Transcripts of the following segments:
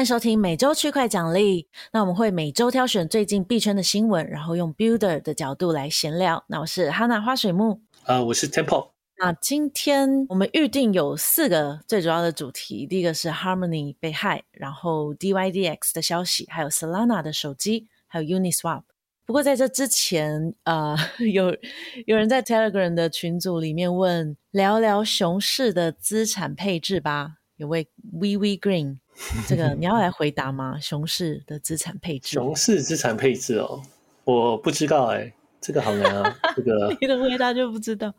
歡迎收聽每週區塊獎勵。那我們會每週挑選最近幣圈的新聞，然後用 Builder 的角度來閒聊。那我是哈娜花水木，啊，uh, 我是 Temple。那今天我們預定有四個最主要的主題，第一個是 Harmony 被駭，然後 DYDX 的消息，還有 Solana 的手機，還有 Uniswap。不過在這之前，呃，有有人在 Telegram 的群組裡面問，聊聊熊市的資產配置吧。有位 V V Green。這個你要來回答嗎？熊市的資產配置，熊市資產配置哦，我不知道哎，這個好難啊，這個你的回答就不知道，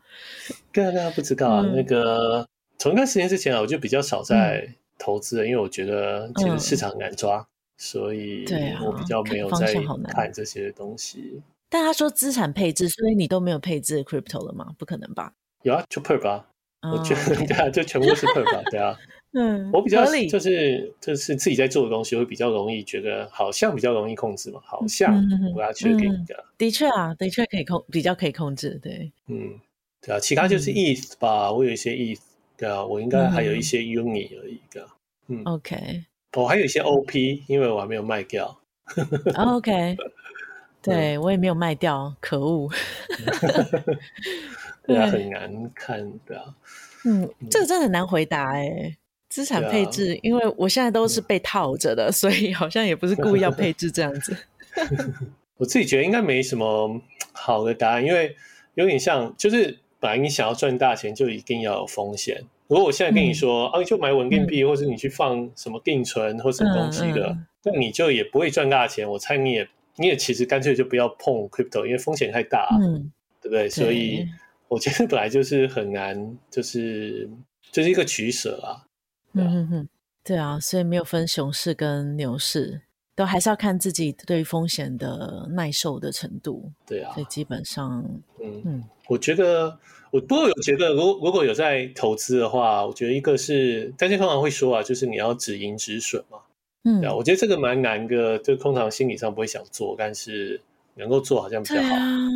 對啊，大家不知道啊，那個從一段時間之前啊，我就比較少在投資，因為我覺得其實市場很難抓，所以我比較沒有在看這些東西。但他說資產配置，所以你都沒有配置 crypto 了嗎？不可能吧？有啊，就配吧，我覺得對啊，就全部是 perp，對啊。嗯，我比較就是就是自己在做的東西會比較容易覺得好像比較容易控制嘛，好像我要確定一個，的確啊，的確可以控，比較可以控制，對，嗯，對啊，其他就是 ETH 吧，我有一些 ETH，對啊，我應該還有一些 Uni 而已的，嗯，OK，我還有一些 OP，因為我還沒有賣掉，OK，對，我也沒有賣掉，可惡，對啊，很難看，對啊，嗯，這個真的很難回答，哎。資產配置，啊、因為我現在都是被套着的，嗯、所以好像也不是故意要配置這樣子。 我自己覺得應該沒什麼好的答案，因為有點像，就是本來你想要賺大錢，就一定要有風險。如果我現在跟你說、嗯、啊，就買穩定幣，嗯、或者你去放什麼定存或什麼東西的，那、嗯嗯、你就也不會賺大錢。我猜你也你也其實乾脆就不要碰 crypto，因為風險太大，嗯，對不對？對、所以我覺得本來就是很難，就是就是一個取舍啊。對啊、嗯哼哼對啊，所以沒有分熊市跟牛市，都還是要看自己對風險的耐受的程度。對啊，所以基本上，嗯嗯，嗯我覺得我不過有覺得如，如如果有在投資的話，我覺得一個是大家通常會說啊，就是你要止盈止損嘛。嗯對、啊，我覺得這個蠻難的，就通常心理上不會想做，但是能夠做好像比較好。啊、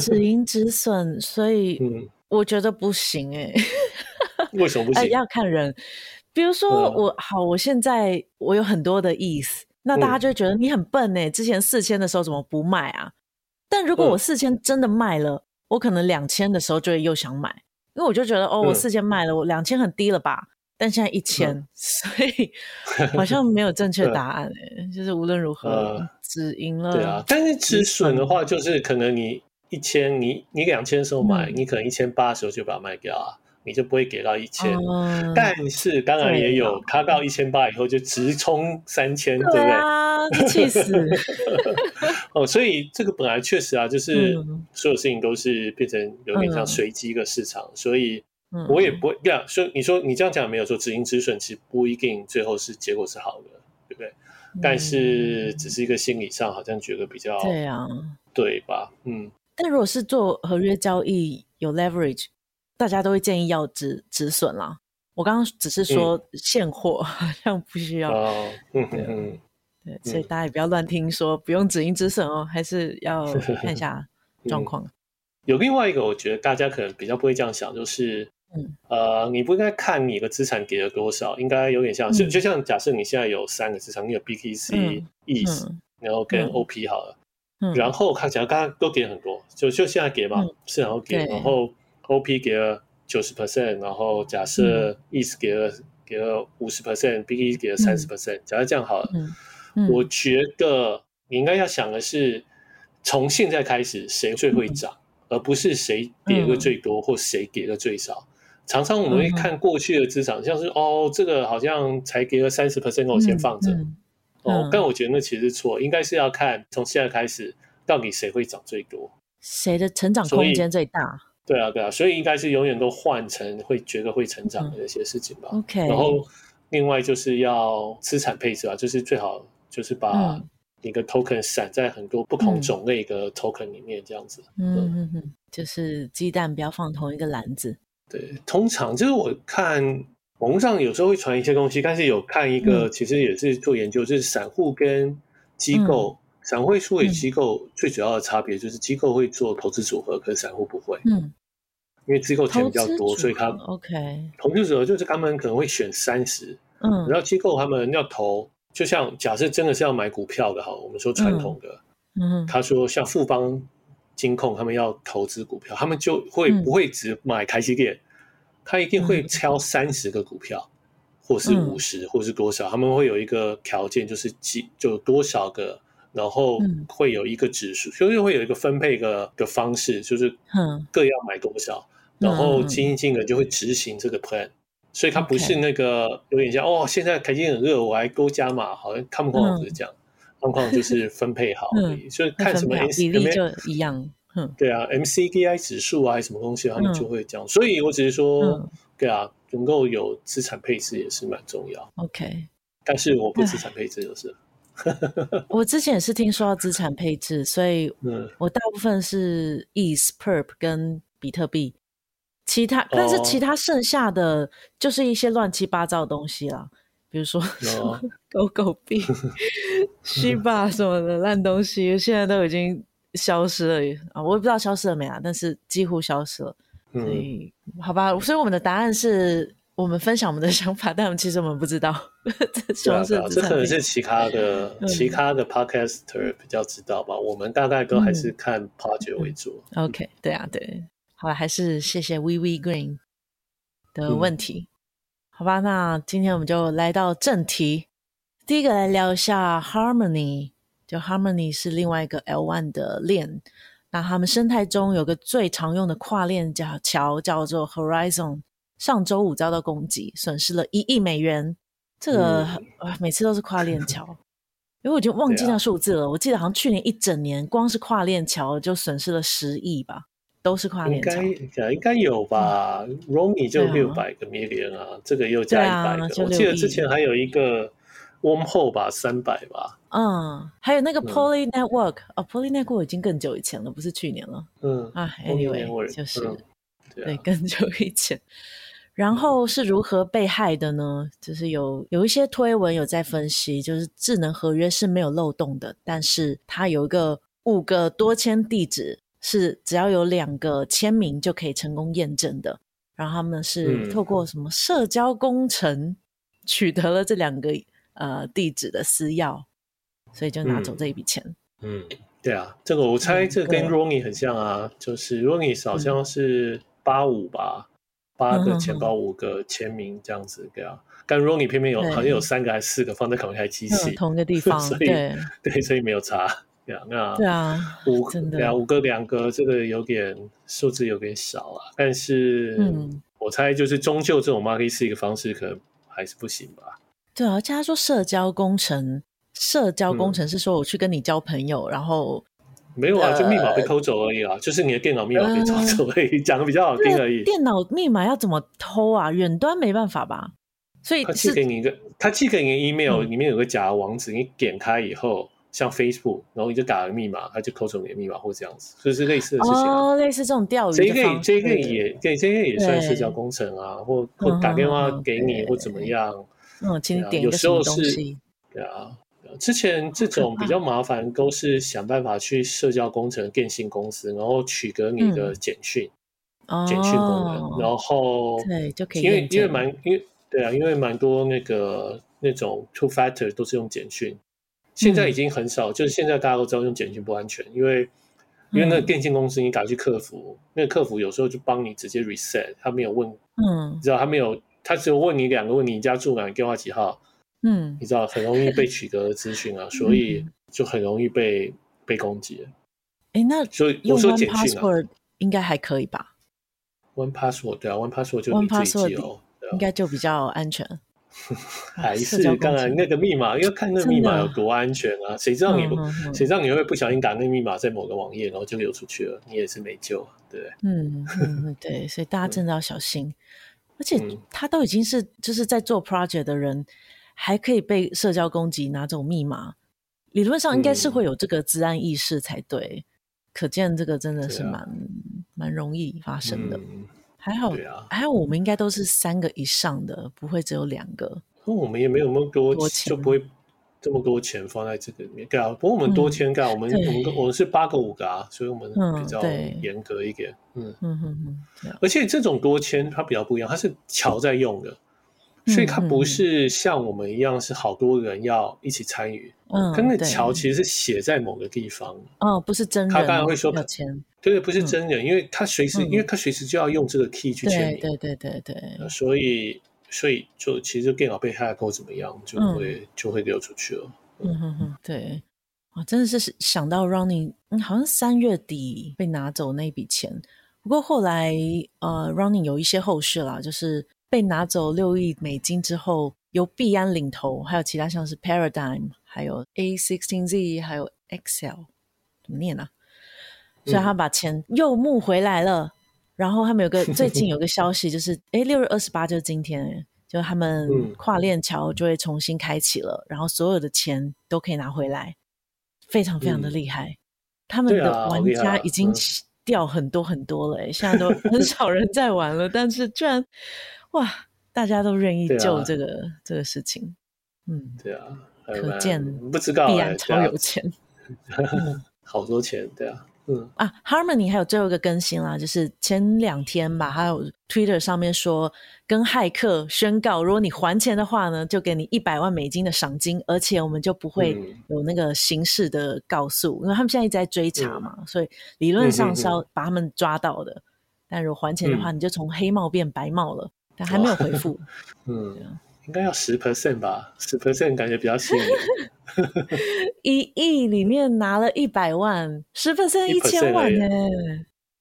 止盈止損， 所以我覺得不行哎、欸。為什麼不行、哎？要看人，比如說我、嗯、好，我現在我有很多的意思，那大家就會覺得你很笨呢、欸。嗯、之前四千的時候怎麼不賣啊？但如果我四千真的賣了，嗯、我可能兩千的時候就會又想買，因為我就覺得哦，我四千賣了，嗯、我兩千很低了吧？但現在一千、嗯，所以好像沒有正確答案哎、欸。嗯、就是無論如何，嗯、止盈了。對啊，但是止損的話，就是可能你一千，你你兩千的時候買，嗯、你可能一千八的時候就把它賣掉啊。你就不會給到一千、嗯，但是當然也有，他到一千八以後就直衝三千，對不對？氣死！哦， 所以這個本來確實啊，就是所有事情都是變成有點像隨機一個市場，嗯、所以我也不會這樣、嗯 yeah, 所以你說你這樣講沒有說止盈止損，其實不一定最後是結果是好的，對不對？嗯、但是只是一個心理上好像覺得比較對啊，對吧？嗯。但如果是做合約交易，嗯、有 leverage。大家都會建議要止止損啦。我剛剛只是說現貨，好像不需要。嗯哼，對，所以大家也不要亂聽說，不用止盈止損哦，還是要看一下狀況。有另外一個，我覺得大家可能比較不會這樣想，就是，嗯，呃，你不應該看你的資產給了多少，應該有點像，就像假設你現在有三個資產，你有 BTC、ETH，然後跟 OP 好了，然後看起來剛剛都給很多，就就現在給嘛，是然後給，然後。OP 給了九十 percent，然後假設 ES 給了50、BE、給了五十 percent，BQ 給了三十 percent。嗯、假設這樣好了，嗯嗯、我覺得你應該要想的是，從現在開始誰最會漲，嗯、而不是誰跌的最多或誰跌的最少。嗯、常常我們會看過去的資產，嗯、像是、嗯、哦這個好像才給了三十 percent，我先放着。嗯嗯、哦，但我覺得那其實是錯，應該是要看從現在開始到底誰會漲最多，誰的成長空間最大。對啊，對啊，所以應該是永遠都換成會覺得會成長的一些事情吧、嗯。OK。然後另外就是要資產配置啊，就是最好就是把你的 token 散在很多不同種類的 token 裡面，這樣子。嗯嗯嗯，嗯就是雞蛋不要放同一個籃子。對，通常就是我看網上有時候會傳一些東西，但是有看一個，嗯、其實也是做研究，就是散戶跟機構，嗯、散戶輸給機構最主要的差別就是機構會做投資組合，嗯、可是散戶不會。嗯。因為機構錢比較多，所以他們 O.K. 投資者就是他們可能會選三十，嗯，然後機構他們要投，就像假設真的是要買股票的哈，我們說傳統的，嗯，嗯他說像富邦金控他們要投資股票，他們就會不會只買台積電，嗯、他一定會挑三十個股票，嗯、或是五十、嗯，或是多少，他們會有一個條件，就是幾就多少個，然後會有一個指數，所以、嗯、會有一個分配的的方式，就是各要買多少。嗯嗯然後基金經理就會執行這個 plan，所以他不是那個有點像哦，現在財經很熱，我還勾加碼，好像狀況不是這樣，看不慣就是分配好，所以看什麼 MC 就一樣，對啊，MCDI 指數啊，什麼東西他們就會這樣，所以我只是說，對啊，能夠有資產配置也是蠻重要，OK，但是我不資產配置就是，我之前也是聽說到資產配置，所以我大部分是 ETH、PERP 跟比特幣。其他，但是其他剩下的就是一些亂七八糟的東西了，oh. 比如說什麼狗狗幣、Shiba、oh. 什麼的爛東西，現在都已經消失了啊！我也不知道消失了沒啊，但是幾乎消失了。所以、嗯、好吧，所以我們的答案是我們分享我們的想法，但我們其實我們不知道。這可能是這可能是其他的 其他的 podcaster 比較知道吧， 嗯、我們大概都還是看 project 為主、嗯。OK，對啊，對。好了，還是謝謝 Viv Green 的問題，嗯、好吧，那今天我們就來到正題，第一個來聊一下 Harmony。就 Harmony 是另外一個 L1 的鏈，那他們生態中有個最常用的跨鏈橋叫做 Horizon，上周五遭到攻擊，損失了一億美元。這個、嗯、啊，每次都是跨鏈橋， 因為我就忘記那數字了。啊、我記得好像去年一整年光是跨鏈橋就損失了十億吧。都是跨年應，應該有吧？Romi、嗯、就六百個 million 啊，啊這個又加一百個。啊、我記得之前還有一個，wormhole 吧，三百吧。嗯，還有那個 Poly Network 啊、嗯哦、，Poly Network 已經更久以前了，不是去年了。嗯啊，Anyway Poly Network，就是、嗯對，啊、對，更久以前。然後是如何被害的呢？就是有有一些推文有在分析，就是智能合約是沒有漏洞的，但是它有一個五個多簽地址。是只要有兩個簽名就可以成功驗證的，然後他們是透過什麼社交工程取得了這兩個呃地址的私鑰，所以就拿走這一筆錢嗯。嗯，對啊，這個我猜這個跟 Rony 很像啊，嗯、就是 Rony 好像是八五吧，八、嗯、個錢包五個簽名這樣子對啊，但、嗯、Rony 偏偏有對好像有三個還是四個放在同一個機器、嗯，同一個地方， 所以對，對，所以沒有查。Yeah, 對啊，五兩五個兩個，個這個有點數字有點少啊。但是，我猜就是終究這種 marketing 是一個方式可能還是不行吧。對啊，而且他說社交工程，社交工程是說我去跟你交朋友，嗯、然後沒有啊，就密碼被偷走而已啊，呃、就是你的電腦密碼被偷走而已，講的、呃、 比較好聽而已。電腦密碼要怎麼偷啊？遠端沒辦法吧？所以是他寄給你一個，他寄給你的 email 裡面有個假的網址，嗯、你點開以後。像 Facebook，然後你就打個密碼，他就扣走你的密碼或這樣子，就是類似的事情。哦，類似這種釣魚。這個、這個也、對、這個也算社交工程啊，或或打電話給你或怎麼樣。嗯，今天點一個什麼東西？有時候是，對啊，之前這種比較麻煩都是想辦法去社交工程電信公司，然後取得你的簡訊，簡訊功能，然後對就可以。因為因為蠻因為對啊，因為蠻多那個那種 two factor 都是用簡訊。現在已經很少，嗯、就是現在大家都知道用簡訊不安全，因為因為那個電信公司你打去客服，嗯、那個客服有時候就幫你直接 reset，他沒有問，嗯，你知道他沒有，他只有問你兩個問題，你家住哪，電話幾號，嗯，你知道很容易被取得資訊啊，嗯、所以就很容易被被攻擊。哎、欸，那所以我說 one password 應該還可以吧？one password 對啊，one password 就你自己記哦，Pass 啊、應該就比較安全。 還是剛才那個密碼，要看那個密碼有多安全啊？誰的知道你不誰、嗯嗯嗯、知道你會不小心打那個密碼在某個網頁，然後就流出去了，你也是沒救啊，對不對嗯，嗯，對，所以大家真的要小心。嗯、而且他都已經是就是在做 project 的人，嗯、還可以被社交攻擊拿走密碼，理論上應該是會有這個資安意識才對。嗯、可見這個真的是蠻、啊、蠻容易發生的。嗯還好，還好，我們應該都是三個以上的，不會只有兩個。那我們也沒有那麼多，就不會這麼多錢放在這個裡面。不過我們多簽蓋，我們我們我們是八個五個啊，所以我們比較嚴格一點。嗯嗯嗯，而且這種多簽它比較不一樣，它是橋在用的，所以它不是像我們一樣是好多人要一起參與。嗯，跟那橋其實是寫在某個地方。哦，不是真人。他剛剛會說簽。對，不，對不是真人，嗯、因為他隨時，嗯、因為他隨時就要用這個 key 去簽名，對對對對、呃、所以所以就其實電腦被黑客怎麼樣，就會、嗯、就會流出去了。嗯哼哼，對，我真的是想到 Ronin、嗯、好像三月底被拿走那筆錢，不過後來呃 Ronin 有一些後續了，就是被拿走六億美金之後，由幣安領投還有其他像是 Paradigm，還有 A16Z，還有 Accel 怎麼念呢？啊？所以他把錢又募回來了，然後他們有個最近有個消息，就是哎六 月二十八就是今天，就他們跨鏈橋就會重新開啟了，嗯、然後所有的錢都可以拿回來，非常非常的厲害。嗯、他們的玩家已經掉很多很多了，啊嗯、現在都很少人在玩了， 但是居然哇，大家都願意救這個、啊、這個事情，嗯，對啊，可見不知道、欸、必然超有錢，啊、 好多錢，對啊。啊、嗯、Harmony 還有最後一個更新啦，就是前兩天吧，還有 Twitter 上面說，跟駭客宣告，如果你還錢的話呢，就給你一百萬美金的賞金，而且我們就不會有那個刑事的告訴，嗯、因為他們現在一直在追查嘛，嗯、所以理論上是要把他們抓到的，嗯嗯、但如果還錢的話，嗯、你就從黑帽變白帽了，但還沒有回復。哦、 嗯。應該要十 percent 吧，十 percent 感覺比較合理 一億裡面拿了一百萬，十 percent 一千萬呢、欸，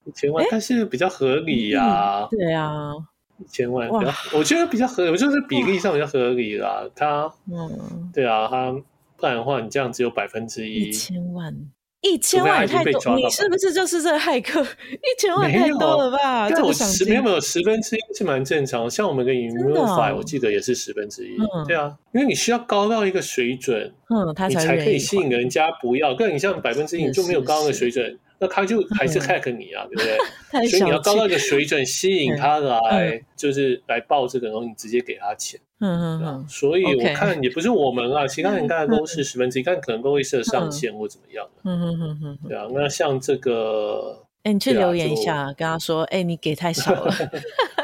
一千萬，欸、但是比較合理呀、啊。對啊，一千萬比較，哇我覺得比較合理，我就是比例上比較合理啦。哇他，嗯，對啊，他，不然的話，你這樣只有百分之一千萬。一千萬也太多，你是不是就是這駭客？一千萬太多了吧？但我沒有沒有十分之一是蠻正常，像我們跟 Immunefi，我記得也是十分之一。哦、對啊，因為你需要高到一個水準，嗯、才你才可以吸引人家不要。跟你像百分之一，你就沒有高的水準。嗯嗯那他就還是 hack 你啊，嗯、對不對？所以你要高到一個水準，吸引他來，就是來報這個，然後你直接給他錢。嗯嗯，啊、嗯，所以我看也不是我們啊，嗯、其他人大概都是十分之一，但可能都會設上限或怎麼樣、啊嗯。嗯嗯嗯嗯，嗯嗯對啊。那像這個，哎、欸，你去留言一下，啊、跟他說，哎、欸，你給太少了。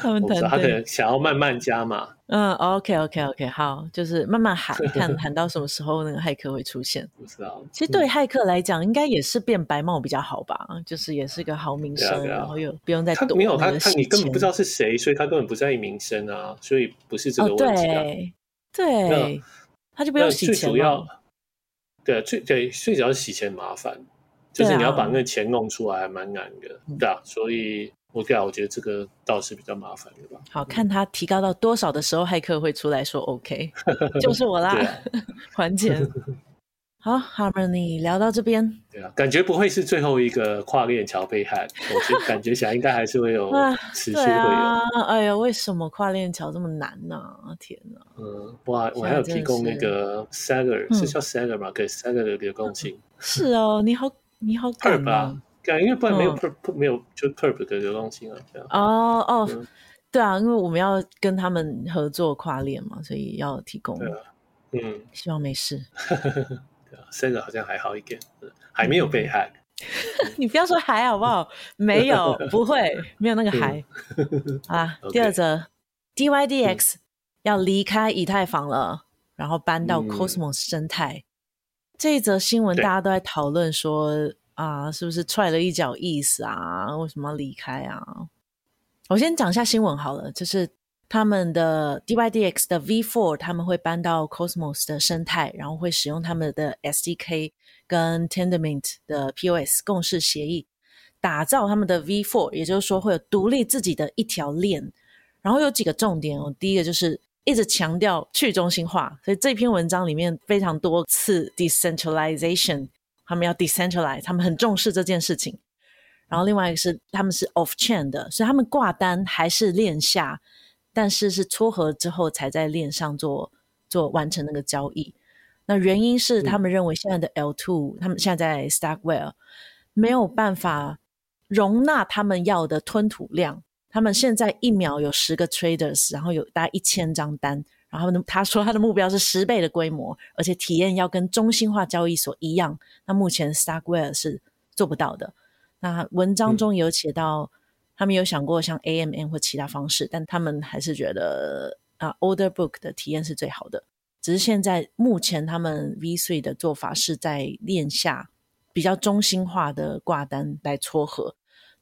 他們他可能想要慢慢加嘛嗯？嗯，OK OK OK，好，就是慢慢喊喊 喊到什麼時候那個駭客會出現？不知道。其實對駭客來講，應該也是變白帽比較好吧？就是也是一個好名聲，啊啊、然後又不用再躲。沒有他，你根本不知道是誰，所以他根本不在意名聲啊，所以不是這個問題、啊哦。對，對那他就不用洗錢了、啊。對啊，最對，最主要是洗錢麻煩，就是你要把那個錢弄出來還蠻難的，對啊，對所以。我講，我覺得這個倒是比較麻煩的吧。好，看他提高到多少的時候，駭客會出來說 “OK”，就是我啦，還錢。好，Harmony 聊到這邊，對啊，感覺不會是最後一個跨鏈橋被害，我覺感覺起來應該還是會有持續的。哎呀，為什麼跨鏈橋這麼難呢？天哪！嗯，我我還有提供那個 Saga，是叫 Saga 嗎？給 Saga 的的貢獻。是哦，你好，你好，二八。因為不然沒有 per 沒有就 per 的流動性啊，這樣。哦哦，對啊，因為我們要跟他們合作跨鏈嘛，所以要提供。嗯，希望沒事。對啊，現在好像還好一點，還沒有被害。你不要說還好不好，沒有，不會，沒有那個還。啊，第二則，DYDX 要離開以太坊了，然後搬到 Cosmos 生態。這一則新聞大家都在討論說。啊，是不是踹了一腳意思啊？為什麼離開啊？我先講一下新聞好了，就是他們的 dYdX 的 V4，他們會搬到 Cosmos 的生態，然後會使用他們的 SDK 跟 Tendermint 的 POS 共識協議，打造他們的 V4，也就是說會有獨立自己的一條鏈。然後有幾個重點哦，我第一個就是一直強調去中心化，所以這篇文章裡面非常多次 decentralization。他們要 decentralize，他們很重視這件事情。然後另外一個是，他們是 off chain 的，所以他們掛單還是鏈下，但是是撮合之後才在鏈上做做完成那個交易。那原因是他們認為現在的 L2，對他們現在在 StarkWare 沒有辦法容納他們要的吞吐量。他們現在一秒有十個 traders，然後有大概一千張單。然後呢，他說他的目標是十倍的規模，而且體驗要跟中心化交易所一樣。那目前 StarkWare 是做不到的。那文章中有寫到，他們有想過像 AMM 或其他方式，嗯、但他們還是覺得啊，Order Book 的體驗是最好的。只是現在目前他們 V3 的做法是在鏈下比較中心化的掛單來撮合。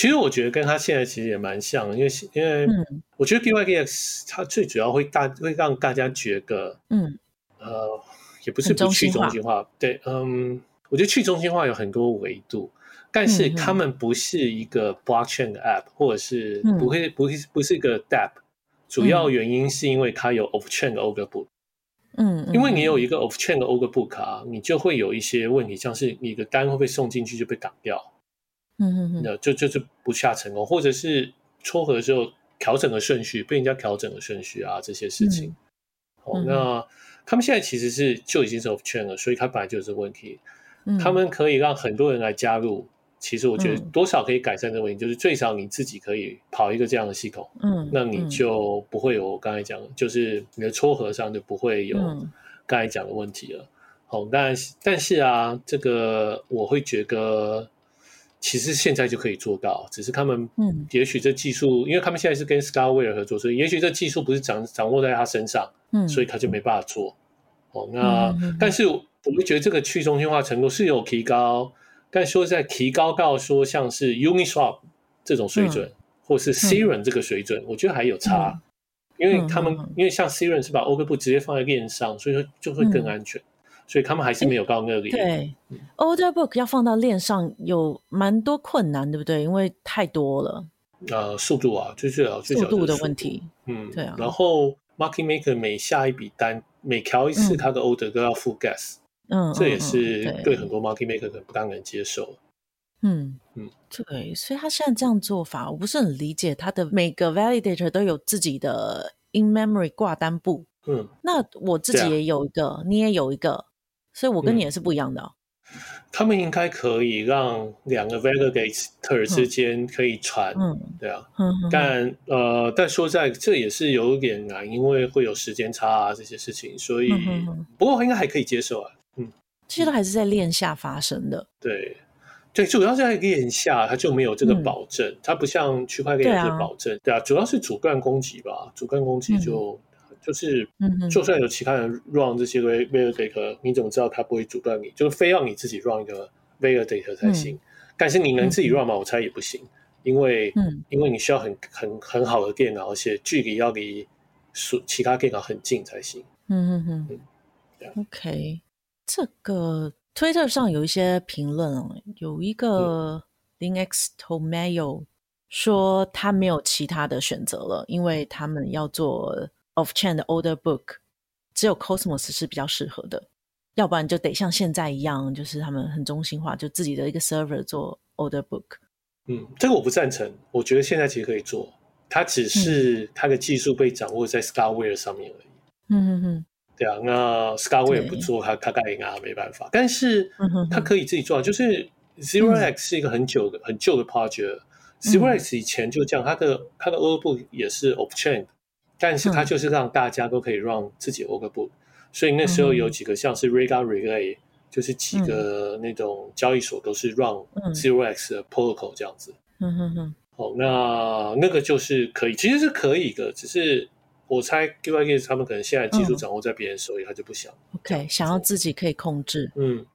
其實我覺得跟他現在其實也蠻像的，因為因為我覺得 dYdX 它最主要會大會讓大家覺得，嗯，呃，也不是不去中心化，心化對，嗯，我覺得去中心化有很多維度，但是他們不是一個 blockchain 的 app，或者是不會不、嗯、不是一個 dapp 主要原因是因為它有 offchain 的 order book，嗯，嗯，因為你有一個 offchain 的 order book 啊，你就會有一些問題，像是你的單會被送進去就被擋掉。嗯嗯嗯，mm hmm. 就，就是不下成功，或者是撮合的時候調整的順序，被人家調整的順序啊，這些事情。Mm hmm. 好，那他們現在其實是就已經是 off chain 了，所以他本來就有這個問題。嗯、mm，hmm. 他們可以讓很多人來加入，其實我覺得多少可以改善這個問題，mm hmm. 就是最少你自己可以跑一個這樣的系統。嗯、mm，hmm. 那你就不會有我剛才講的，就是你的撮合上就不會有剛才講的問題了。Mm hmm. 好，但但是啊，這個我會覺得。其實現在就可以做到，只是他們，嗯，也許這技術，因為他們現在是跟 ScarWare 合作，所以也許這技術不是掌掌握在他身上，嗯，所以他就沒辦法做，哦、嗯喔，那、嗯嗯、但是我覺得覺得這個去中心化程度是有提高，但說在提高到說像是 Uniswap 這種水準，嗯、或是 Serum 這個水準，嗯、我覺得還有差，嗯、因為他們、嗯嗯、因為像 Serum 是把 order book 直接放在鏈上，所以說就會更安全。嗯。所以他們還是沒有告那個鏈、欸。對、嗯、order book 要放到鏈上有蠻多困難，對不對？因為太多了。呃，速度啊，就是啊，速度的問題。嗯，對啊。然後 market maker 每下一筆單，每調一次，他的 order 都要付 gas。嗯，這也是對很多 market maker 可能不大能接受。嗯嗯，嗯對。所以他現在這樣做法，我不是很理解。他的每個 validator 都有自己的 in memory 掛單簿。嗯，那我自己也有一個，啊、你也有一個。所以我跟你也是不一樣的、哦嗯。他們應該可以讓兩個 validator 之間可以傳，嗯、對啊，嗯嗯、但呃，但說在這也是有點難，因為會有時間差、啊、這些事情，所以、嗯嗯嗯、不過應該還可以接受啊。嗯，這些都還是在鏈下發生的。對，對，主要是在鏈下，它就沒有這個保證，它、嗯、不像區塊鏈的保證，嗯、對,啊對啊，主要是主幹攻擊吧，主幹攻擊就。嗯就是，就算有其他人 run 這些 v a l i d a t、嗯、哼你怎麼知道他不會阻斷你？就是非要你自己 run 一個 v a l i d a t 才行。嗯、但是你能自己 run 嗎？嗯、我猜也不行，因為，嗯、因為你需要很很很好的電腦，而且距離要離其他電腦很近才行。嗯嗯嗯。這 OK，這個 Twitter 上有一些評論，有一個零 X Tomayo 說他沒有其他的選擇了，因為他們要做。Off-chain 的 order book，只有 Cosmos 是比較適合的，要不然就得像現在一樣，就是他們很中心化，就自己的一個 server 做 order book。嗯，這個我不贊成，我覺得現在其實可以做，它只是它的技術被掌握在 StarkWare、嗯、上面而已。嗯嗯嗯，對啊，那 StarkWare 不做，他他蓋印啊沒辦法，但是它可以自己做。嗯、哼哼就是 ZeroX 是一個很久的、嗯、很舊的 project，ZeroX、嗯、以前就這樣，它的它的 order book 也是 Off-chain 但是它就是讓大家都可以 run 自己 workbook，所以那時候有幾個像是 Radar Relay，、嗯、就是幾個那種交易所都是 run Zero X 的 Protocol 這樣子。嗯哼哼，嗯嗯嗯、好，那那個就是可以，其實是可以的，只是我猜 dYdX 他們可能現在技術掌握在別人手裡，嗯、他就不想。OK，想要自己可以控制。嗯。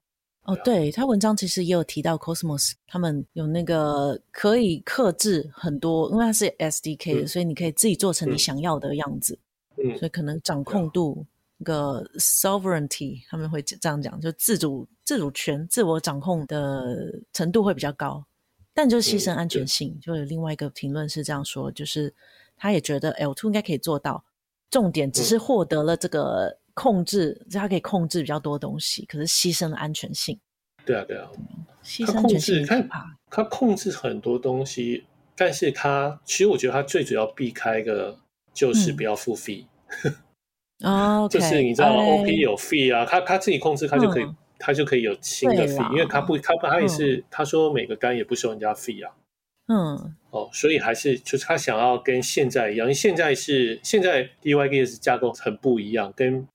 哦，oh, 對，他文章其實也有提到，Cosmos 他們有那個可以客製很多，因為他是 SDK、嗯、所以你可以自己做成你想要的樣子。嗯，所以可能掌控度，嗯、那個 sovereignty，他們會這樣講，就自主、自主權、自我掌控的程度會比較高，但就犧牲安全性。嗯、就有另外一個評論是這樣說，就是他也覺得 L2 應該可以做到，重點只是獲得了這個。控制，他可以控制比較多東西，可是犧牲了安全性。對啊，對啊，犧牲安全性他控制你害他，他控制很多東西，但是他其實我覺得他最主要避開一個就是不要付費。哦，就是你知道嗎、啊、嘞？OP 有費啊，他他自己控制，他就可以，嗯、他就可以有新的費，啦因為他不，他不，他也是、嗯、他說每個桿也不收人家費啊。嗯，哦，所以還是就是他想要跟現在一樣，因為現在是現在 dYdX 架構很不一樣，跟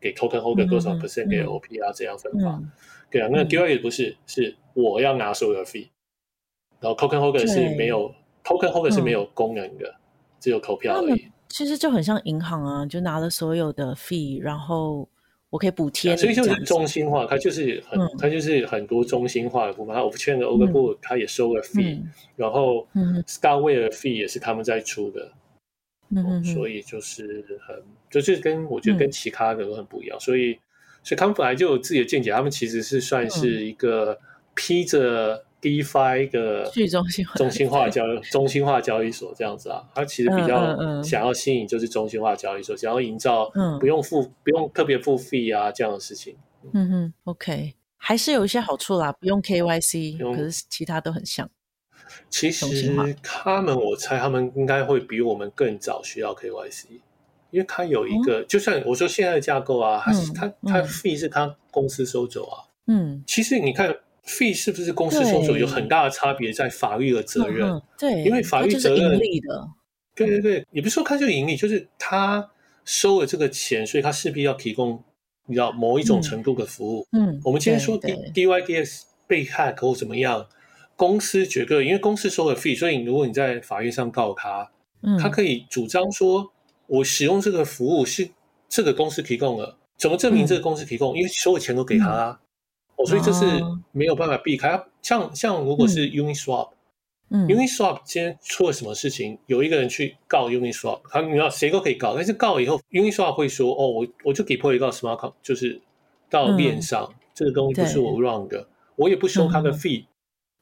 給 token holder 多少 percent 給 op 啊、嗯，嗯、這樣分發、嗯。嗯、對啊，那個、GUI 也不是，是我要拿所有的 fee，然後 token holder 對是沒有 token holder、嗯、是沒有功能的，只有投票而已。嗯、其實就很像銀行啊，就拿了所有的 fee，然後我可以補貼、啊。所以就是中心化，它就是很，嗯、它就是很多中心化的部分。它，我 offchain 的 OGP、嗯、它也收了 fee，、嗯嗯、然後嗯 Starway 的 fee 也是他們在出的。嗯，所以就是很，就是跟我覺得跟其他的都很不一樣。嗯、所以，所以他們本來就有自己的見解，他們其實是算是一個披着 DeFi 的中心中心化交、嗯、中心化交易所這樣子啊。他其實比較想要吸引就是中心化交易所，想、嗯嗯、要營造不用付、嗯、不用特別付費啊這樣的事情。嗯哼、嗯、OK，還是有一些好處啦，不用 KYC，用可是其他都很像。其實他們，我猜他們應該會比我們更早需要 KYC，因為他有一個，就算我說現在的架構啊，他他 fee 是他公司收走啊。嗯，其實你看 fee 是不是公司收走，有很大的差別在法律的責任。對，因為法律責任。盈利的。對對對，也不是說他就盈利，就，就是他收了這個錢，所以他勢必要提供你知道某一種程度的服務。嗯，我們今天說 dYdX 被 hack 或怎麼樣。公司絕對，因為公司收了費，所以如果你在法院上告他，嗯、他可以主張說：“我使用這個服務是這個公司提供的。”怎麼證明這個公司提供？嗯、因為所有錢都給他、啊，嗯、哦，所以這是沒有辦法避開。像像如果是 Uniswap，Uniswap、嗯、Un 今天出了什麼事情，有一個人去告 Uniswap，他明白誰都可以告，但是告以後，Uniswap 會說：“哦，我我就給破一個 Smart Contract 就是到鏈上、嗯、這個東西不是我 wrong 的，對我也不收他的費、嗯。”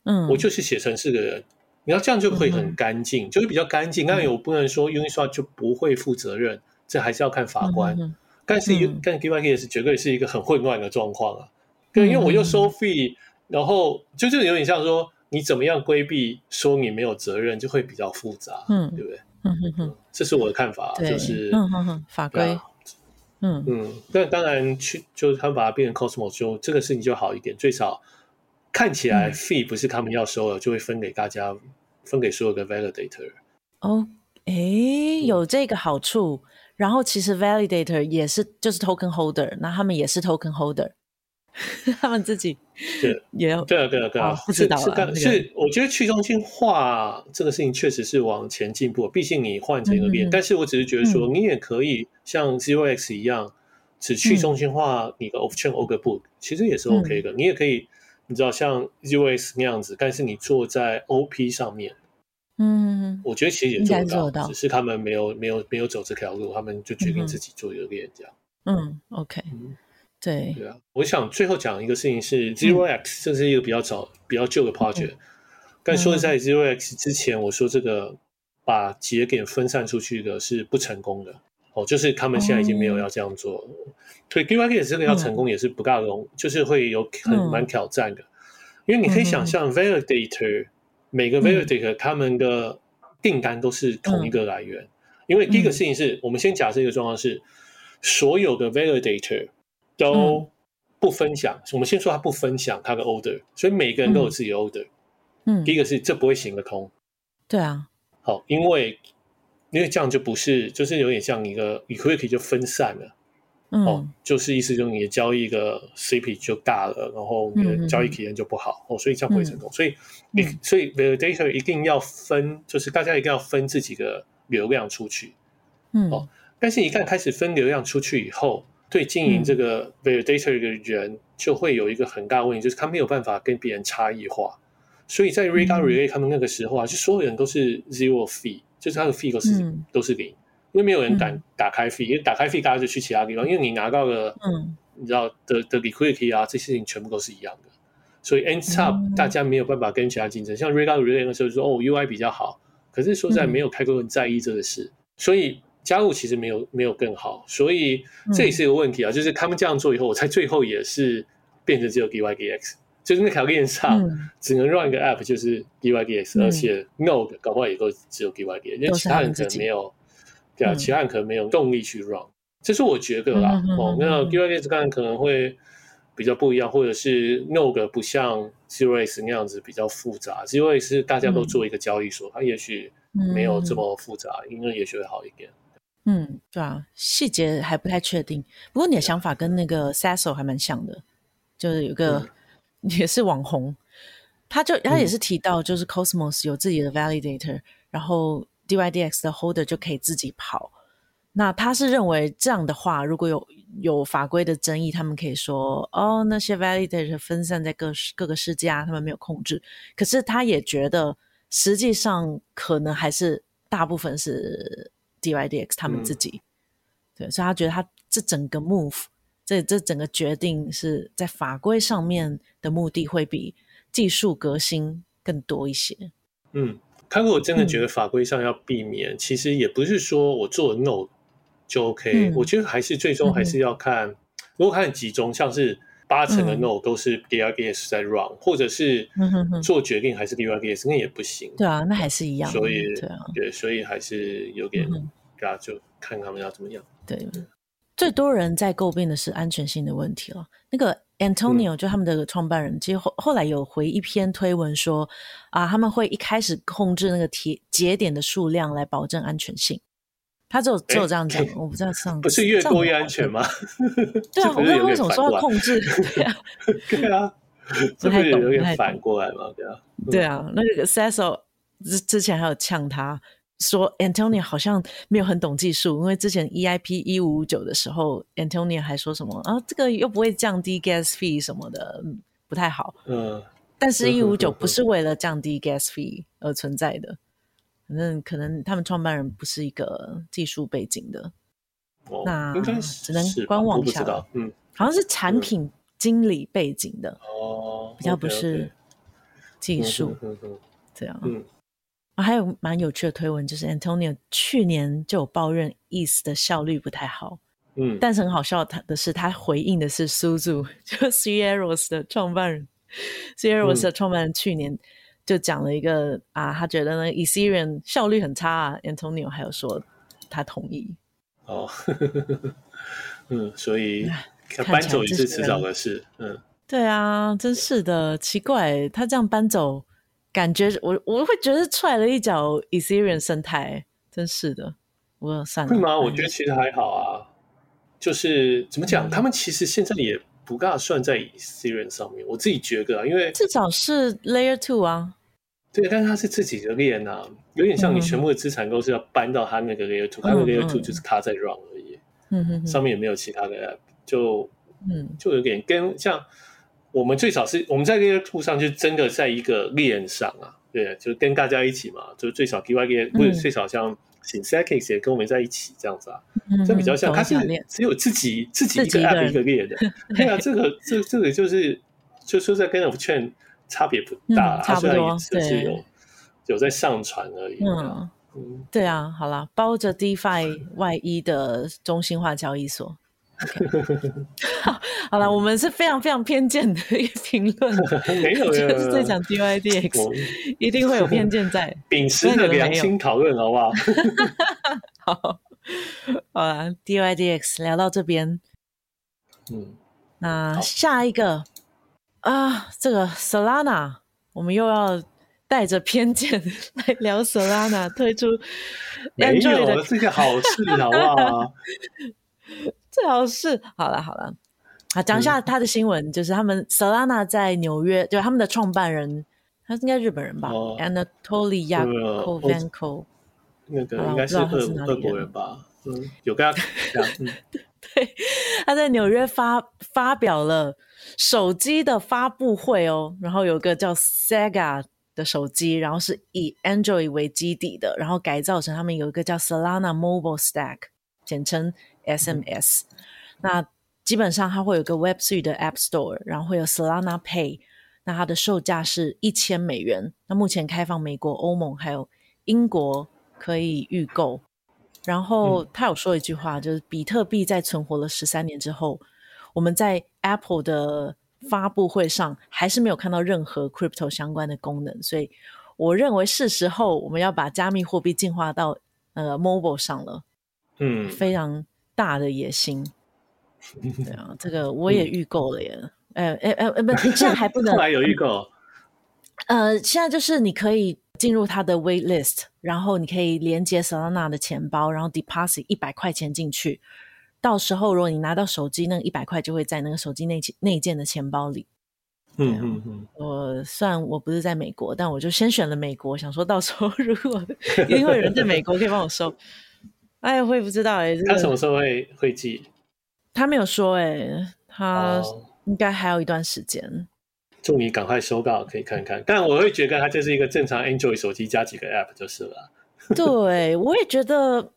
嗯，我就是寫成是個人，你要這樣就會很乾淨，就會比較乾淨。當然，我不能說 Uniswap 就不會負責任，這還是要看法官。但是，幹 giveaway 也是絕對是一個很混亂的狀況啊。對，因為我又收費，然後就就有點像說你怎麼樣規避說你沒有責任，就會比較複雜，嗯，對不對？嗯嗯，這是我的看法，就是法規，嗯嗯。但當然去就是他們把它變成 Cosmos，就這個事情就好一點，最少。看起來 fee 不是他們要收的，就會分給大家，分給所有的 validator。哦，誒，有這個好處。然後其實 validator 也是，就是 token holder，那他們也是 token holder，他們自己對，也對啊，對啊，對啊，不知道是，我覺得去中心化這個事情確實是往前進步。畢竟你換成一個鏈，但是我只是覺得說，你也可以像 0x 一樣，只去中心化你的 off-chain order book，其實也是 OK 的。你也可以。你知道像 Zero X 那樣子，但是你坐在 OP 上面，嗯，我覺得其實也做不到，得到只是他們沒有沒有沒有走這條路，他們就決定自己做一個鏈這樣。嗯，嗯，OK，嗯對對啊，我想最後講一個事情是、嗯、Zero X，這是一個比較早、嗯、比較舊的 project、嗯。但說在 Zero X 之前，嗯、我說這個把節點分散出去的是不成功的。哦、就是他們現在已經沒有要這樣做了，所以 dYdX 這個要成功對也是不大容，就是會有很蠻、嗯、挑戰的，因為你可以想象 validator、嗯、每個 validator、嗯、他們的訂單都是同一個來源，嗯、因為第一個事情是我們先假設一個狀況是所有的 validator 都不分享，嗯、我們先說他不分享他的 order，所以每個人都有自己 order，嗯，嗯第一個是這不會行得通，嗯、對啊，好，因為。因為這樣就不是，就是有點像一個 equity 就分散了，嗯、哦，就是意思就是你的交易個 CP 就大了，然後你的交易體驗就不好，嗯、哦，所以這樣不會成功。嗯、所以你、嗯、所以 validator 一定要分，就是大家一定要分自己的流量出去，嗯，哦，但是一旦開始分流量出去以後，對經營這個 validator 的人就會有一個很大問題，嗯、就是他沒有辦法跟別人差異化。所以在 Rega Relay 他們那個時候啊，嗯、就所有人都是 zero fee。就是他的 fee 都是零，嗯，因為沒有人敢打開 fee，嗯、因為打開 fee 大家就去其他地方，因為你拿到了，嗯、你知道的的 liquidity 啊，這些事情全部都是一樣的，所以 ends up、嗯、大家沒有辦法跟其他競爭。像 regard real 的時候說哦 UI 比較好，可是說實在沒有太多人在意這個事，嗯、所以加務其實沒有沒有更好，所以這也是一個問題啊。就是他們這樣做以後，我猜最後也是變成只有 dYdX。就是那條鏈上，只能 run 一個 app，就是 dYdX，而且 Node 搞不好也都，只有 dYdX，因為其他人可能沒有，對啊，其他人可能沒有動力去 run，這是我覺得啦。哦，那 dYdX 可能會比較不一樣，或者是 Node 不像 Series 那樣子比較複雜，因為是大家都做一個交易所，它也許沒有這麼複雜，因為也許會好一點。嗯，對啊，細節還不太確定，不過你的想法跟那個 Sassal 還蠻像的，就是有個。也是網紅，他就他也是提到，就是 Cosmos 有自己的 validator，嗯、然後 dYdX 的 holder 就可以自己跑。那他是認為這樣的話，如果有有法規的爭議，他們可以說哦，那些 validator 分散在各各個世家，他們沒有控制。可是他也覺得，實際上可能還是大部分是 dYdX 他們自己。嗯、對，所以他覺得他這整個 move。這這整個決定是在法規上面的目的會比技術革新更多一些。嗯，看過我真的覺得法規上要避免，嗯、其實也不是說我做了 node 就 OK、嗯。我覺得還是最終還是要看，嗯、如果看很集中，像是八成的 node 都是 D R G s 在 run 或者是做決定還是 D R G s 那、嗯嗯嗯、也不行。對啊，那還是一樣的。所以對啊，對，所以還是有點，大家就看他們要怎麼樣。對。最多人在詬病的是安全性的問題了。那個 Antonio、嗯、就他們的創辦人，其實後後來有回一篇推文說，啊，他們會一開始控制那個節節點的數量來保證安全性。他只有、欸、只有這樣講，欸、我不知道上次不是越多越安全嗎？嗎 對啊，我不知道為什麼說要控制？對啊，對啊，有點 懂有點反過來嘛，對啊，啊對,啊、 對啊，那個 Sassal 之之前還有嗆他。說 Antonio 好像沒有很懂技術，因為之前 EIP 一五五九的時候 Antonio 還說什麼啊，這個又不會降低 gas fee 什麼的，不太好。呃、但是一五九不是為了降低 gas fee 而存在的，呵呵呵反正可能他們創辦人不是一個技術背景的。哦、那只能觀望一下。不嗯、好像是產品經理背景的、嗯哦，比較不是技術、哦 okay, okay、這樣。嗯啊、還有蠻有趣的推文，就是 Antonio 去年就有抱怨 East 的效率不太好。嗯，但是很好笑他的是，他回應的是 Su Zhu，就 Sierras 的創辦人 Sierras、嗯、的創辦人去年就講了一個啊，他覺得呢，East 效率很差、啊。Antonio 還有說他同意。哦呵呵呵，嗯，所以、啊、看搬走也是遲早的事。嗯，對啊，真是的，奇怪，他這樣搬走。感覺我我會覺得踹了一腳 Ethereum 生態、欸，真是的，我有了。會嗎？我覺得其實還好啊，就是怎麼講，嗯、他們其實現在也不尬算在 Ethereum 上面。我自己覺得啊，因為至少是 Layer Two 啊。對，但是他是自己的鏈啊，有點像你全部的資產都是要搬到他那個 Layer Two、嗯嗯、他那個 Layer Two 就是卡在 Run 而已。嗯哼、嗯，上面也沒有其他的 App，就嗯，就有點跟像。我們最少是我們在這個兔上，就真的在一個鏈上啊，對啊，就跟大家一起嘛，就是最少給外邊，或者最少像 Synthetix 也跟我們在一起這樣子啊，嗯、就比較像他是只有自己、嗯、自己一個 app 一個鏈的，對啊 這個這這個就是就說在跟 NFT 差別不大、嗯，差不多，對，有有在上傳而已，嗯，嗯對啊，好啦，包着 DeFi 外衣的中心化交易所。Okay. 好了，好啦嗯、我們是非常非常偏見的一個評論，就是在講 DYDX，一定會有偏見在。 秉持着良心討論，好不好？ 好，好了，DYDX 聊到這邊，嗯，那下一個好啊，這個 Solana，我們又要帶着偏見來聊 Solana， 推出 Android 的，沒有，是一個好事，好不好？ 是，好了好了，啊，講一下他的新聞，嗯、就是他們 Solana 在紐約，就他們的創辦人，他應該是日本人吧、哦、，Anatoly Yakovenko，、那個、好應該是德俄國人吧，嗯， 有跟他、嗯、 對，他在紐約發發表了手機的發布會哦，然後有一個叫 Saga 的手機，然後是以 Android 為基底的，然後改造成他們有一個叫 Solana Mobile Stack，簡稱。SMS，嗯，那基本上它會有個 Web3 的 App Store，然後會有 Solana Pay，那它的售價是一千美元。那目前開放美國、歐盟還有英國可以預購。然後他有說一句話，嗯、就是比特幣在存活了十三年之後，我們在 Apple 的發布會上還是沒有看到任何 Crypto 相關的功能，所以我認為是時候我們要把加密貨幣進化到呃 Mobile 上了。嗯，非常大的野心，對啊，這個我也預購了耶，哎哎哎，不，你現在還不能。 後來有預購，呃，現在就是你可以進入他的 wait list，然後你可以連接 Solana 的錢包，然後 deposit 一百塊錢進去。到時候如果你拿到手機，那個一百塊就會在那個手機內內建的錢包裡。嗯嗯嗯， 我算我不是在美國，但我就先選了美國，想說到時候如果因為有人在美國可以幫我收。 哎，我也不知道哎、欸，這個、他什麼時候會會寄？他沒有說哎、欸，他應該還有一段時間。祝你趕快收到，可以看看。但我會覺得他就是一個正常 Android 手機加幾個 App 就是了。對，我也覺得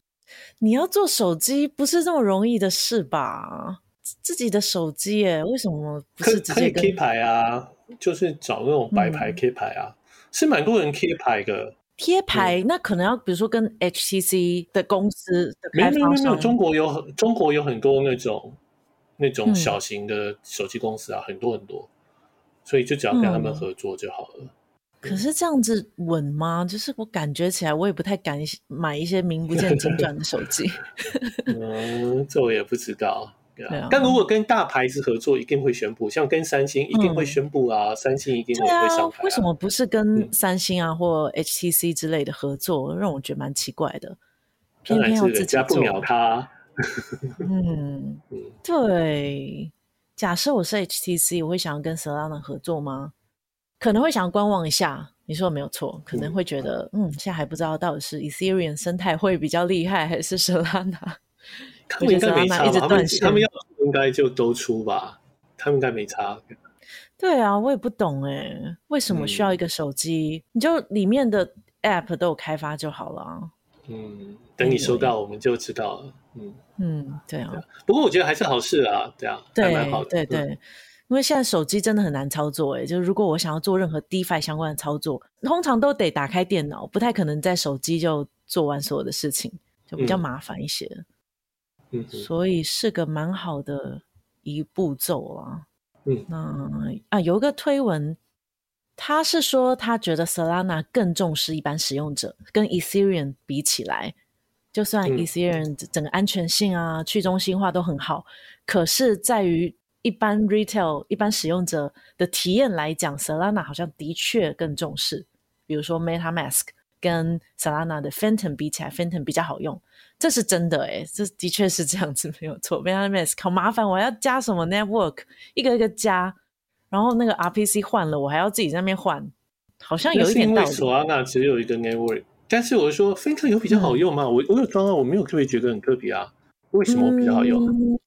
你要做手機不是這麼容易的事吧？ 自己的手機哎、欸，為什麼不是直接 K 牌啊？就是找那種白牌 K 牌啊，嗯、是蠻多人 K 牌的。貼牌那可能要，比如說跟 HTC 的公司的開發商、嗯沒沒沒。中國有很中國有很多那種那種小型的手機公司啊，嗯、很多很多，所以就只要跟他們合作就好了。嗯嗯、可是這樣子穩嗎？就是我感覺起來，我也不太敢買一些名不見經傳的手機。 嗯，這我也不知道。啊、但如果跟大牌子合作，一定會宣布，像跟三星一定會宣布啊，嗯、三星一定會上啊，對啊，為什麼不是跟三星啊、嗯、或 HTC 之類的合作，讓我覺得蠻奇怪的，偏偏要自己不鳥它。 嗯，對，假設我是 HTC，我會想要跟 Solana 合作嗎？可能會想觀望一下。你說沒有錯，可能會覺得，嗯，嗯，現在還不知道到底是 Ethereum、um、生態會比較厲害，還是 Solana 他們他要應該就都出吧，他們應該沒差。對啊，我也不懂哎，為什麼需要一個手機？你就裡面的 App 都有開發就好了。嗯，等你收到我們就知道了。嗯嗯，對啊。不過我覺得還是好事啊，對啊，對蠻好，對對。因為現在手機真的很難操作，哎，就是如果我想要做任何 DeFi 相關的操作，通常都得打開電腦，不太可能在手機就做完所有的事情，就比較麻煩一些。所以是個蠻好的一步驟啊。嗯，那啊，有個推文，他是說他覺得 Solana 更重視一般使用者，跟 Ethereum 比起來，就算 Ethereum 整個安全性啊、嗯、去中心化都很好，可是在於一般 retail、一般使用者的體驗來講，Solana 好像的確更重視。比如說 MetaMask 跟 Solana 的 Phantom 比起來，Phantom、嗯、比較好用。這是真的哎、欸，這的確是這樣子，沒有錯。MetaMask 好麻煩，我還要加什麼 network，一個一個加，然後那個 RPC 換了，我還要自己在那邊換，好像有一點道理。所以啊，那其實有一個 network，但是我說 Phantom、嗯、有比較好用嗎？我我有裝啊，我沒有特別覺得很特別啊。為什麼我比較好用、嗯？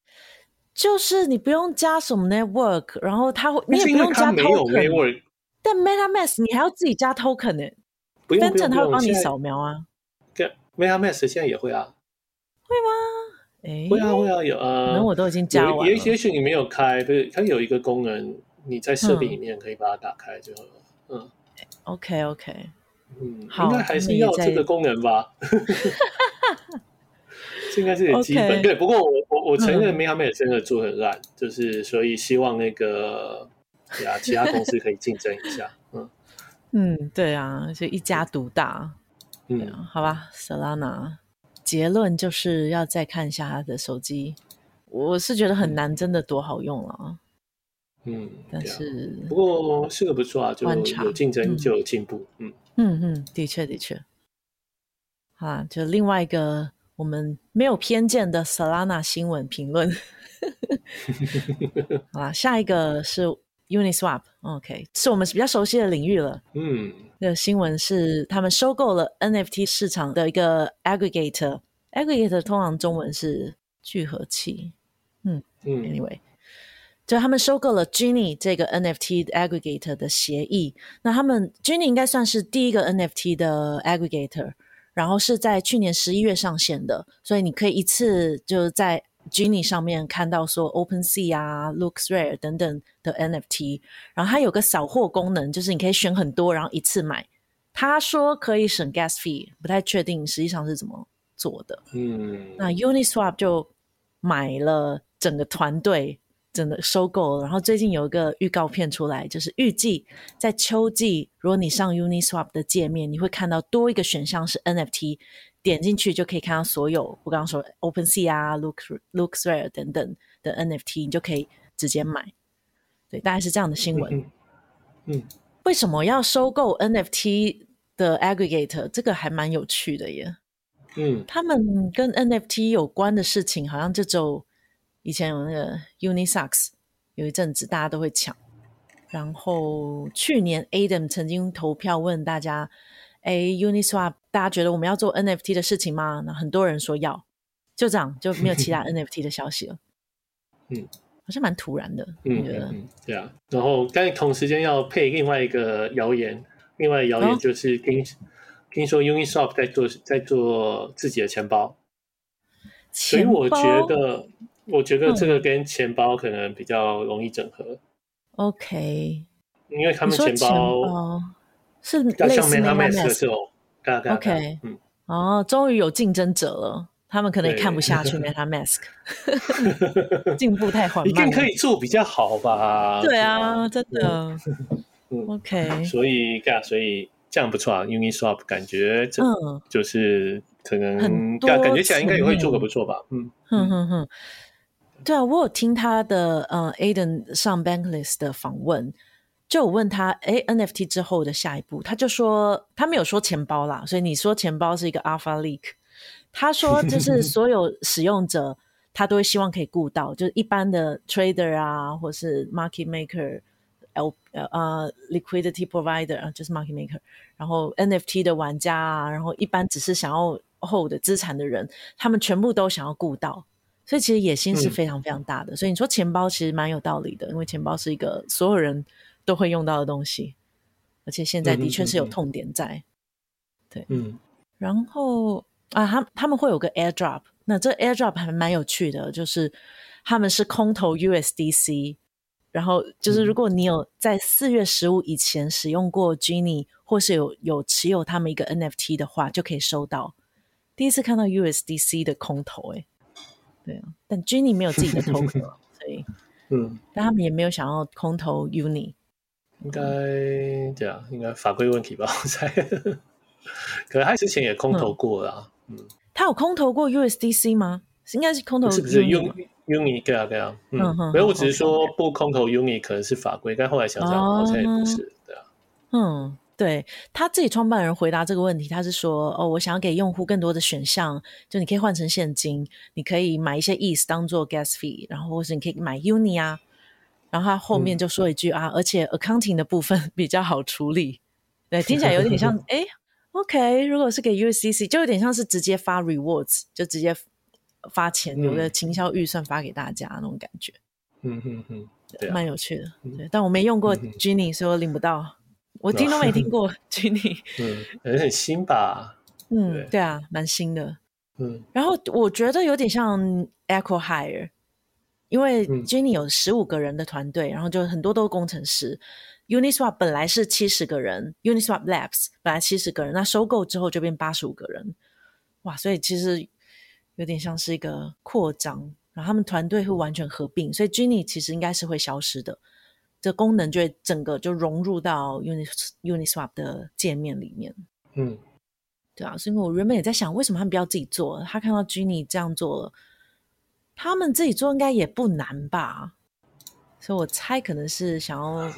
就是你不用加什麼 network，然後它會，那是因為它沒有 network，但 MetaMask 你還要自己加 token 呢、欸、Phantom 它會幫你掃描啊，MetaMask 現在也會啊。會嗎？哎，會啊會啊，有啊。可能我都已經加完了。也也許你沒有開，不是，它有一個功能，你在設定裡面可以把它打開就好了。嗯，OK OK。嗯，應該還是要這個功能吧。這應該是基本，對。不過我我我承認，民航業真的做很爛，就是所以希望那個對其他公司可以競爭一下。嗯嗯，對啊，就一家獨大。嗯，好吧，Solana。結論就是要再看一下他的手機，我是覺得很難，真的多好用了啊。嗯，但是、嗯、不過是個不錯啊，觀察有競爭就有進步。嗯嗯嗯，的確的確。啊，就另外一個我們沒有偏見的 Solana 新聞評論。 好啦，下一個是。Uniswap，OK，okay. 是我們比較熟悉的領域了。嗯，的新聞是他們收購了 NFT 市場的一個 aggregator，aggregator Agg 通常中文是聚合器。嗯嗯，Anyway，就他們收購了 Genie 這個 NFT aggregator 的協議。那他們 Genie 應該算是第一個 NFT 的 aggregator，然後是在去年十一月上線的，所以你可以一次就在。Genie 上面看到說 OpenSea 啊、LooksRare 等等的 NFT，然後它有個掃貨功能，就是你可以選很多，然後一次買。他說可以省 Gas Fee，不太確定實際上是怎麼做的。嗯，那 Uniswap 就買了整個團隊，整個收購了，然後最近有一個預告片出來，就是預計在秋季，如果你上 Uniswap 的界面，你會看到多一個選項是 NFT。點進去就可以看到所有我剛剛說 OpenSea 啊、Looks LooksRare 等等的 NFT，你就可以直接買。對，大概是這樣的新聞。嗯，嗯，為什麼要收購 NFT 的 Aggregator？這個還蠻有趣的耶。嗯，他們跟 NFT 有關的事情，好像就只有以前有那個 Unisocks，有一陣子大家都會搶。然後去年 Adam 曾經投票問大家：“誒，Uniswap 大家覺得我們要做 NFT 的事情嗎？那很多人說要，就這樣就沒有其他 NFT 的消息了。 嗯，好像蠻突然的。嗯嗯嗯，對啊、嗯嗯嗯。然後但同時間要配另外一個謠言，另外謠言就是聽聽、哦、說 Uniswap 在做在做自己的錢包。錢包，所以我覺得，我覺得這個跟錢包可能比較容易整合。嗯、OK。因為他們錢包是上面他們也類似 是哦。OK，哦，終於有競爭者了。他們可能也看不下去 MetaMask，進步太緩慢，一定可以做比較好吧？對啊，真的。OK，所以所以這樣不錯啊。Uniswap 感覺這就是可能，感覺起來應該也會做個不錯吧？嗯，對啊，我有聽他的，嗯，Aiden 上 Bankless 的訪問。就我問他，哎，NFT 之後的下一步，他就說他沒有說錢包啦，所以你說錢包是一個 Alpha Leak，他說就是所有使用者他都會希望可以顧到， 就是一般的 Trader 啊，或是 Market Maker，呃、uh, 呃，Liquidity Provider 啊，就是 Market Maker，然後 NFT 的玩家啊，然後一般只是想要 Hold 的資產的人，他們全部都想要顧到，所以其實野心是非常非常大的，嗯、所以你說錢包其實蠻有道理的，因為錢包是一個所有人都會用到的東西，而且現在的確是有痛點在，對，對，對，對，對嗯，然後啊，他他們會有個 airdrop，那這 airdrop 還蠻有趣的，就是他們是空投 USDC，然後就是如果你有在四月十五以前使用過 Genie，、嗯、或是有有持有他們一個 NFT 的話，就可以收到。第一次看到 USDC 的空投，欸，哎，對啊，但 Genie 沒有自己的 token， 所以，嗯，但他們也沒有想要空投 Uni。應該這樣，應該法規問題吧？我猜，可能他之前也空投過啊。嗯，他、嗯、有空投過 USDC 嗎？應該是空投，是不是？Uni，Uni，Uni, 對啊，對啊。嗯，沒有，我只是說不空投 Uni 可能是法規，但後來想想，Uh-huh. 我猜也不是，對啊。嗯，對，他自己創辦人回答這個問題，他是說：“哦，我想要給用戶更多的選項，就你可以換成現金，你可以買一些 ETH 當做 Gas fee，然後或是你可以買 Uni 啊。”然後他後面就說一句啊，而且 accounting 的部分比較好處理，對，聽起來有點像哎，OK，如果是給 UCC，就有點像是直接發 rewards，就直接發錢，有個營銷預算發給大家那種感覺，嗯嗯嗯，對，蠻有趣的，對，但我沒用過 Genie，所以我領不到，我聽都沒聽過 Genie，很新吧？嗯，對啊，蠻新的，嗯，然後我覺得有點像 Echo Hire。因為 Genie 有十五個人的團隊，嗯、然後就很多都是工程師。Uniswap 本來是七十個人，Uniswap Labs 本來七十個人，那收購之後就變八十五個人，哇！所以其實有點像是一個擴張，然後他們團隊會完全合併，所以 Genie 其實應該是會消失的，這功能就會整個就融入到 Uniswap Un 的界面裡面。嗯，對啊，所以因為我原本也在想，為什麼他們不要自己做？他看到 Genie 這樣做了，他們自己做應該也不難吧，所以我猜可能是想要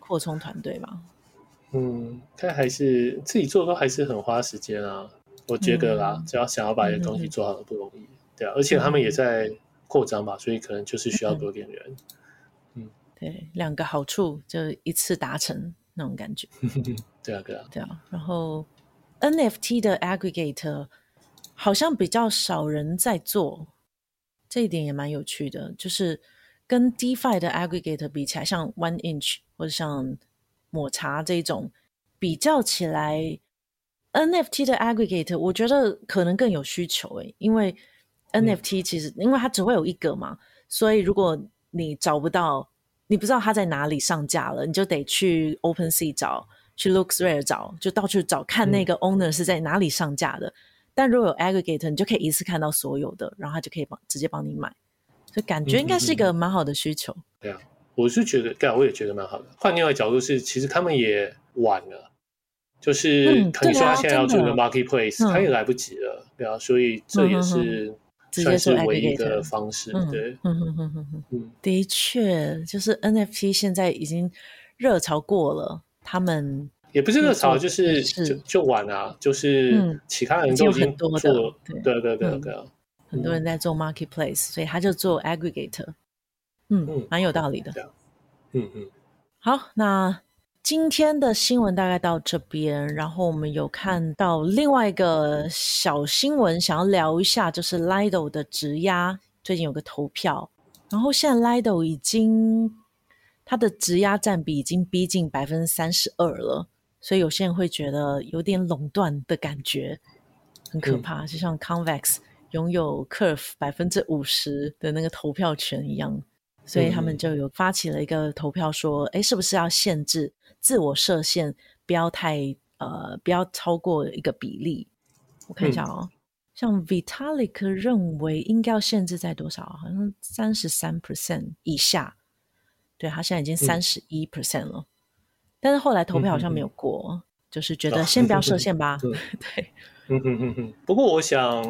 擴充團隊吧。 嗯，他還是自己做都還是很花時間啊。我覺得啦，嗯、只要想要把一個東西做好都不容易，嗯、對啊。而且他們也在擴張吧，嗯、所以可能就是需要多點人。嗯，嗯嗯對，兩個好處就一次達成那種感覺。 對啊，對啊，對啊。然後 NFT 的 Aggregator 好像比較少人在做。這一點也蠻有趣的，就是跟 DeFi 的 Aggregator 比起來，像 One Inch 或者像抹茶這種比較起來，NFT 的 Aggregator 我覺得可能更有需求誒，因為 NFT 其實、嗯、因為它只會有一個嘛，所以如果你找不到，你不知道它在哪裡上架了，你就得去 OpenSea 找，去 LooksRare 找，就到處找，看那個 Owner 是在哪裡上架的。嗯但如果有 aggregate 你就可以一次看到所有的，然後他就可以幫直接幫你買，所以感覺應該是一個蠻好的需求。嗯嗯嗯、對啊，我是覺得，對、啊、我也覺得蠻好的。換另外一個角度是，其實他們也晚了，就是你說他現在要做 market place,、嗯啊、的 marketplace，、嗯、他也來不及了，對啊，所以這也是算是唯一的方式。嗯嗯嗯嗯嗯、對，嗯、的確，就是 NFT 現在已經熱潮過了，他們。也不是熱潮，是是就是就就晚啊，就是其他人都、嗯、有很多做，對，對對對、嗯、很多人在做 marketplace，、嗯、所以他就做 aggregator，嗯嗯，嗯蠻有道理的，嗯嗯，嗯嗯好，那今天的新聞大概到這邊，然後我們有看到另外一個小新聞，想要聊一下，就是 Lido 的質押，最近有個投票，然後現在 Lido 已經它的質押佔比已經逼近百分之三十二了。所以有些人會覺得有點壟斷的感覺，很可怕。嗯、就像 Convex 擁有 Curve 百分之五十的那個投票權一樣，所以他們就有發起了一個投票，說：“哎、嗯，是不是要限制自我設限，不要太呃，不要超過一個比例？”我看一下哦，嗯、像 Vitalik 認為應該要限制在多少？好像三十三 percent 以下。對，他現在已經三十一 percent 了。嗯但是後來投票好像沒有過，嗯嗯嗯，就是覺得先不要設限吧。啊、 對，不過我想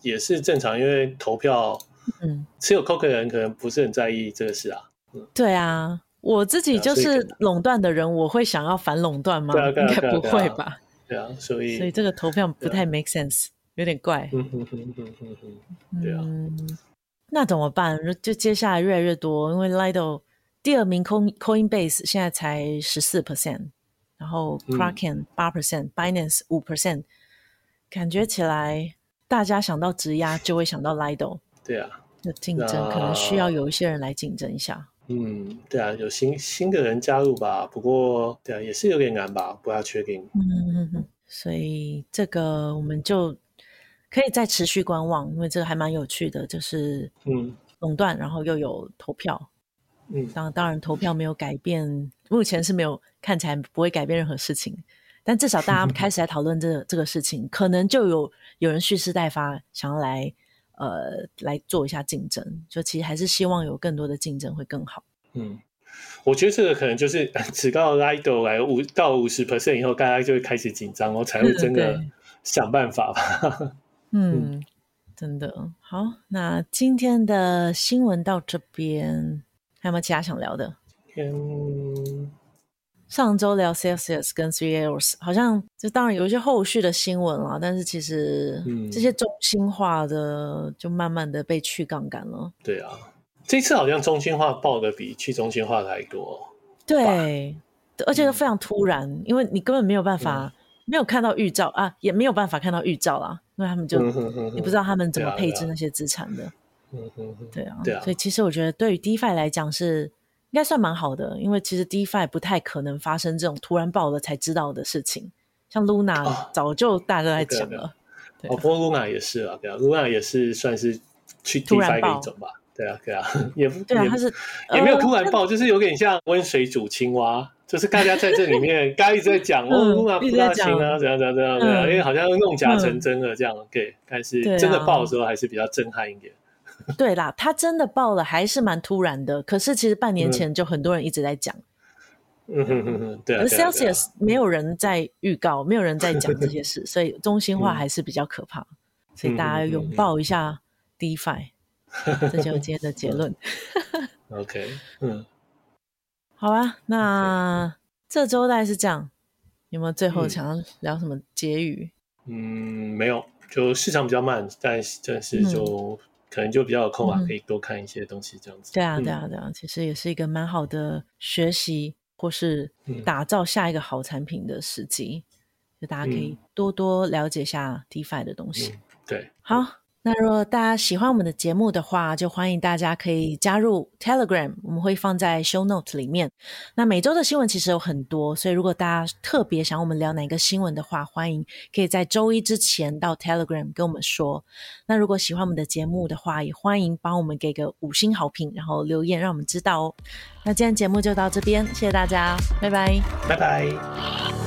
也是正常，因為投票，嗯，持有 Coke 的人可能不是很在意這個事啊。對啊，我自己就是壟斷的人，我會想要反壟斷嗎？啊啊啊、應該不會吧。對啊，所以所以這個投票不太 make sense，啊、有點怪。嗯 對啊嗯，那怎麼辦？就接下來越來越多，因為 Lido。第二名，Coin Coinbase 現在才十四 percent，然後 Kraken 八 percent，Binance、嗯、五 percent，感覺起來大家想到質押就會想到 Lido。對啊，競爭那可能需要有一些人來競爭一下。嗯，對啊，有新新的人加入吧？不過對啊，也是有點難吧？不太確定。嗯嗯嗯，所以這個我們就可以再持續觀望，因為這個還蠻有趣的，就是嗯壟斷，然後又有投票。嗯當當然，投票沒有改變，目前是沒有，看起來不會改變任何事情。但至少大家開始來討論這 這個事情，可能就有有人蓄勢待發，想要來呃來做一下競爭。就其實還是希望有更多的競爭會更好。嗯，我覺得這個可能就是直到 Lido 來五到五十 percent 以後，大家就會開始緊張、哦，我才會真的想辦法吧。 嗯， 嗯真的好，那今天的新聞到這邊。還有沒有其他想聊的？嗯天，上週聊 Celsius 跟 Three Arrows 好像，這當然有一些後續的新聞啦，但是其實這些中心化的就慢慢的被去槓桿了，嗯。對啊，這次好像中心化爆的比去中心化還多。對，吧而且都非常突然，嗯，因為你根本沒有辦法，嗯，沒有看到預兆啊，也沒有辦法看到預兆啦，因為他們就，嗯，哼哼哼你不知道他們怎麼配置那些資產的。嗯哼哼嗯哼哼，對啊，所以其實我覺得對於 DeFi 來講是應該算蠻好的，因為其實 DeFi 不太可能發生這種突然爆了才知道的事情，像 Luna 早就大家都在講了。哦，不過 Luna 也是啊，對啊，Luna 也是算是去突然的一種吧，對啊，對啊，也不，對啊，它是也沒有突然爆，就是有點像溫水煮青蛙，就是大家在這裡面，剛一直在講哦，Luna 不拉青啊，怎樣怎樣怎樣怎樣，因為好像弄假成真了這樣，對，但是真的爆的時候還是比較震撼一點。對啦，他真的爆了，還是蠻突然的。可是其實半年前就很多人一直在講。嗯對。而 Celsius 也是沒有人在預告，沒有人在講這些事，所以中心化還是比較可怕。所以大家擁抱一下 DeFi，這就是今天的結論。OK，嗯，好啊。那這周大概是這樣。有沒有最後想要聊什麼結語？嗯，沒有，就市場比較慢，但但是就。可能就比較有空啊，嗯、可以多看一些東西，這樣子。對啊，嗯、對啊，對啊，其實也是一個蠻好的學習或是打造下一個好產品的時機，嗯、就大家可以多多了解一下 DeFi 的東西。嗯、對，好。那如果大家喜歡我們的節目的話，就歡迎大家可以加入 Telegram，我們會放在 Show Notes 裡面。那每周的新聞其實有很多，所以如果大家特別想我們聊哪個新聞的話，歡迎可以在周一之前到 Telegram 跟我們說。那如果喜歡我們的節目的話，也歡迎幫我們給個五星好評，然後留言讓我們知道哦。那今天節目就到這邊，謝謝大家，拜拜，拜拜。